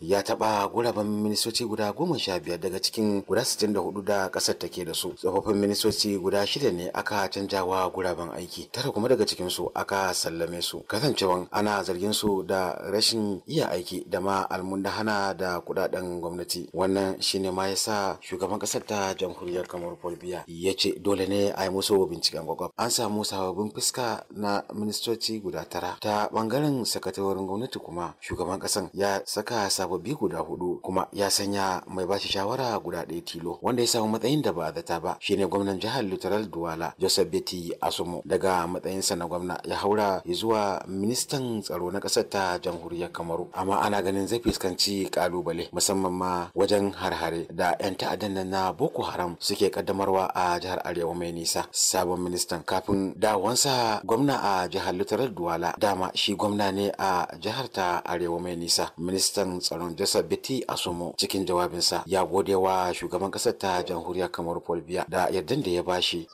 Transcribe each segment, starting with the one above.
ya taɓa guraben ministoci guda goma sha biyar daga cikin guda sittin da hudu da ƙasar take da su tsofaffin ministoci guda shida ne aka canjawa guraben aiki tara kuma daga cikin su aka sallame su kasancewan ana zargin su da rashin iya aiki da ma hana da kudaden gwamnati wannan shine ma yasa shugaban ƙasar ta jamhuriyar kamar paul ya ce dole ne a yi musu binciken kwakwaf an samu sababbin fuska na ministoci guda tara ta bangaren sakatawar gwamnati kuma shugaban ƙasan ya saka sababbi guda hudu kuma ya sanya mai ba shi shawara guda ɗaya tilo wanda ya samu matsayin da ba a zata ba shine gwamnan jihar Littoral Duwala Joseph Beti Asumo daga matsayinsa na gwamna ya haura zuwa ministan tsaro na ƙasar ta jamhuriyar Kamaru amma ana ganin zai fuskanci kalubale musamman ma wajen harhare da 'yan ta'addan nan na Boko Haram suke kaddamarwa a jihar Arewa mai nisa sabon ministan kafin dawansa gwamna a jihar Littoral Duwala dama shi gwamna ne a jihar ta Arewa mai nisa ministan tsaro tsaron jasa a sumo cikin jawabinsa ya gode wa shugaban kasar ta jamhuriyar kamar paul biya da yardan da ya ba shi.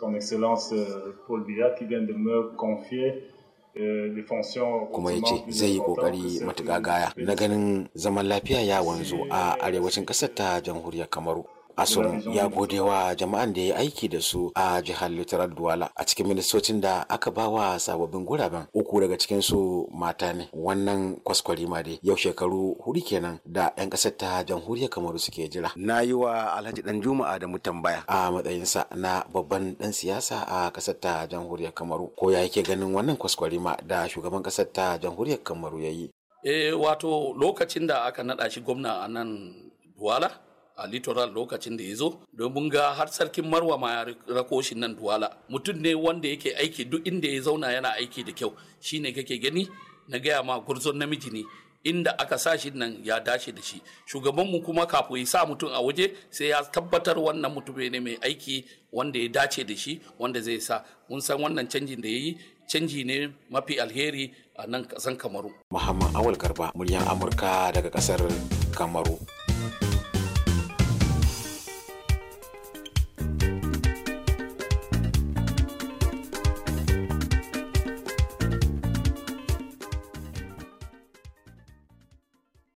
Euh, euh, kuma ya ce zai yi kokari matuƙa gaya na ganin zaman lafiya ya wanzu a arewacin kasar ta jamhuriyar kamaru Asun ya gode wa jama'an da ya aiki da su a jihar Littoral Duwala a cikin ministocin da aka ba wa sababbin guraben uku daga cikin su mata ne wannan kwaskwari ma dai yau shekaru hudu kenan da 'yan kasar ta jamhuriyar Kamaru suke jira. Na yi wa Alhaji Dan Juma'a da mu tambaya a matsayinsa na babban dan siyasa a kasar ta jamhuriyar Kamaru ko ya yake ganin wannan kwaskwari ma da shugaban kasar ta jamhuriyar Kamaru ya yi. E wato lokacin da aka naɗa shi gwamna a nan Duwala a littoral lokacin da ya zo domin ga har sarkin marwa ma ya rako shi nan duwala mutum ne wanda yake aiki duk inda ya zauna yana aiki da kyau shine kake gani na gaya ma gurzon namiji ne inda aka sa shi nan ya dace da shi shugabanmu kuma kafin ya sa mutum a waje sai ya tabbatar wannan mutum ne mai aiki wanda ya dace da shi wanda zai sa mun san wannan canjin da ya yi canji ne mafi alheri a nan kasan kamaru muhammad awal garba muryar amurka daga kasar kamaru